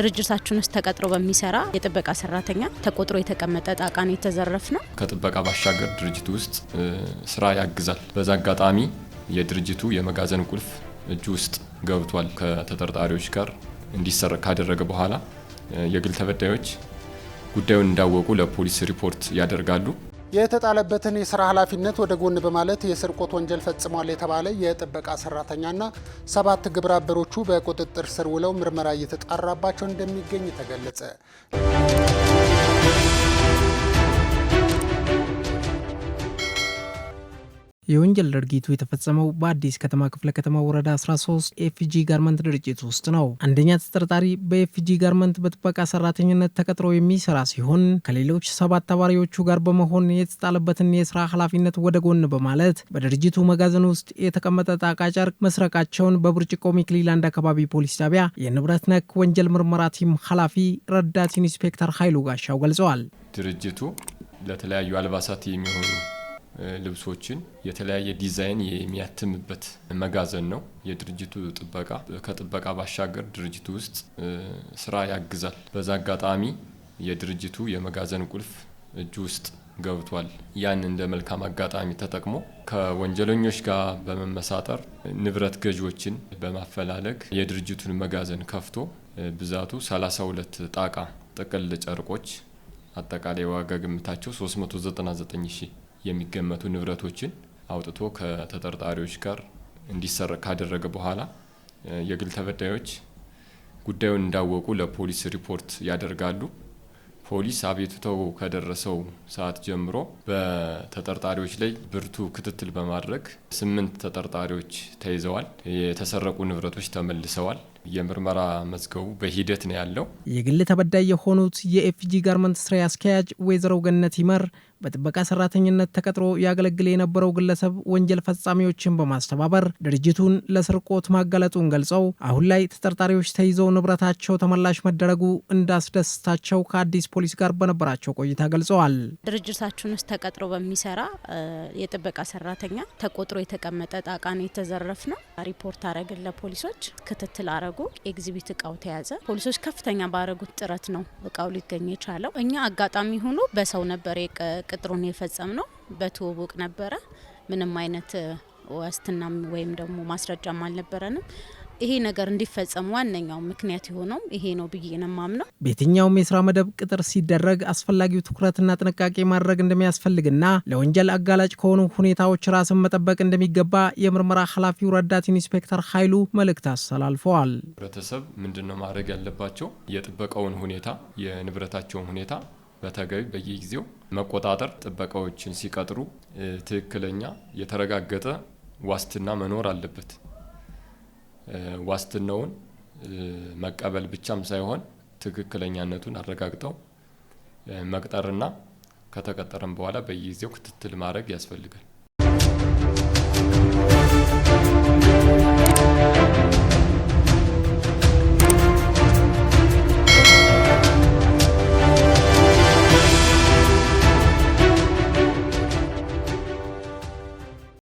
ድርጅታችን ውስጥ ተቀጥሮ በሚሰራ የጥበቃ ሰራተኛ ተቆጥሮ የተቀመጠ ጣቃን የተዘረፍ ነው። ከጥበቃ ባሻገር ድርጅቱ ውስጥ ስራ ያግዛል። በዛ አጋጣሚ የድርጅቱ የመጋዘን ቁልፍ እጁ ውስጥ ገብቷል። ከተጠርጣሪዎች ጋር እንዲሰረቅ ካደረገ በኋላ የግል ተበዳዮች ጉዳዩን እንዳወቁ ለፖሊስ ሪፖርት ያደርጋሉ። የተጣለበትን የስራ ኃላፊነት ወደ ጎን በማለት የስርቆት ወንጀል ፈጽሟል የተባለ የጥበቃ ሰራተኛና ሰባት ግብረ አበሮቹ በቁጥጥር ስር ውለው ምርመራ እየተጣራባቸው እንደሚገኝ ተገለጸ። የወንጀል ድርጊቱ የተፈጸመው በአዲስ ከተማ ክፍለ ከተማ ወረዳ 13 ኤፍጂ ጋርመንት ድርጅት ውስጥ ነው። አንደኛ ተጠርጣሪ በኤፍጂ ጋርመንት በጥበቃ ሰራተኝነት ተቀጥሮ የሚሰራ ሲሆን ከሌሎች ሰባት ተባሪዎቹ ጋር በመሆን የተጣለበትን የስራ ኃላፊነት ወደ ጎን በማለት በድርጅቱ መጋዘን ውስጥ የተቀመጠ ጣቃ ጨርቅ መስረቃቸውን በብርጭቆ ሚክሊላንድ አካባቢ ፖሊስ ጣቢያ የንብረት ነክ ወንጀል ምርመራ ቲም ኃላፊ ረዳት ኢንስፔክተር ኃይሉ ጋሻው ገልጸዋል። ድርጅቱ ለተለያዩ አልባሳት የሚሆኑ ልብሶችን የተለያየ ዲዛይን የሚያትምበት መጋዘን ነው የድርጅቱ ጥበቃ። ከጥበቃ ባሻገር ድርጅቱ ውስጥ ስራ ያግዛል። በዛ አጋጣሚ የድርጅቱ የመጋዘን ቁልፍ እጁ ውስጥ ገብቷል። ያን እንደ መልካም አጋጣሚ ተጠቅሞ ከወንጀለኞች ጋር በመመሳጠር ንብረት ገዢዎችን በማፈላለግ የድርጅቱን መጋዘን ከፍቶ ብዛቱ 32 ጣቃ ጥቅል ጨርቆች አጠቃላይ ዋጋ ግምታቸው 399 ሺህ የሚገመቱ ንብረቶችን አውጥቶ ከተጠርጣሪዎች ጋር እንዲሰረቅ ካደረገ በኋላ የግል ተበዳዮች ጉዳዩን እንዳወቁ ለፖሊስ ሪፖርት ያደርጋሉ። ፖሊስ አቤቱታው ከደረሰው ሰዓት ጀምሮ በተጠርጣሪዎች ላይ ብርቱ ክትትል በማድረግ ስምንት ተጠርጣሪዎች ተይዘዋል። የተሰረቁ ንብረቶች ተመልሰዋል። የምርመራ መዝገቡ በሂደት ነው ያለው። የግል ተበዳይ የሆኑት የኤፍጂ ጋርመንት ስራ አስኪያጅ ወይዘሮ ገነት ይመር በጥበቃ ሰራተኝነት ተቀጥሮ ያገለግል የነበረው ግለሰብ ወንጀል ፈጻሚዎችን በማስተባበር ድርጅቱን ለስርቆት ማጋለጡን ገልጸው አሁን ላይ ተጠርጣሪዎች ተይዘው ንብረታቸው ተመላሽ መደረጉ እንዳስደስታቸው ከአዲስ ፖሊስ ጋር በነበራቸው ቆይታ ገልጸዋል። ድርጅታችን ውስጥ ተቀጥሮ በሚሰራ የጥበቃ ሰራተኛ ተቆጥሮ የተቀመጠ ጣቃ ነው የተዘረፍ ነው። ሪፖርት አረግን ለፖሊሶች፣ ክትትል አረጉ። ኤግዚቢት እቃው ተያዘ። ፖሊሶች ከፍተኛ ባረጉት ጥረት ነው እቃው ሊገኝ የቻለው። እኛ አጋጣሚ ሆኖ በሰው ነበር ቅጥሩን የፈጸም ነው በትውውቅ ነበረ። ምንም አይነት ዋስትናም ወይም ደግሞ ማስረጃም አልነበረንም። ይሄ ነገር እንዲፈጸም ዋነኛው ምክንያት የሆነው ይሄ ነው ብዬ ነው የማምነው። በየትኛውም የስራ መደብ ቅጥር ሲደረግ አስፈላጊው ትኩረትና ጥንቃቄ ማድረግ እንደሚያስፈልግና ለወንጀል አጋላጭ ከሆኑ ሁኔታዎች ራስን መጠበቅ እንደሚገባ የምርመራ ኃላፊው ረዳት ኢንስፔክተር ኃይሉ መልእክት አስተላልፈዋል። ህብረተሰብ ምንድን ነው ማድረግ ያለባቸው? የጥበቃውን ሁኔታ የንብረታቸውን ሁኔታ በተገቢ በየጊዜው መቆጣጠር፣ ጥበቃዎችን ሲቀጥሩ ትክክለኛ የተረጋገጠ ዋስትና መኖር አለበት። ዋስትናውን መቀበል ብቻም ሳይሆን ትክክለኛነቱን አረጋግጠው መቅጠርና ከተቀጠረም በኋላ በየጊዜው ክትትል ማድረግ ያስፈልጋል።